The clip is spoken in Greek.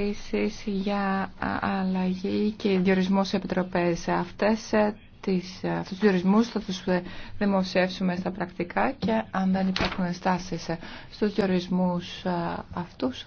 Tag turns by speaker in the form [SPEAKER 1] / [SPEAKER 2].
[SPEAKER 1] συζητήσεις για αλλαγή και διορισμό σε επιτροπές. Αυτές ε, τις, ε, τους διορισμούς θα τους ε, δημοσιεύσουμε στα πρακτικά και αν δεν υπάρχουν στάσεις στους διορισμούς αυτούς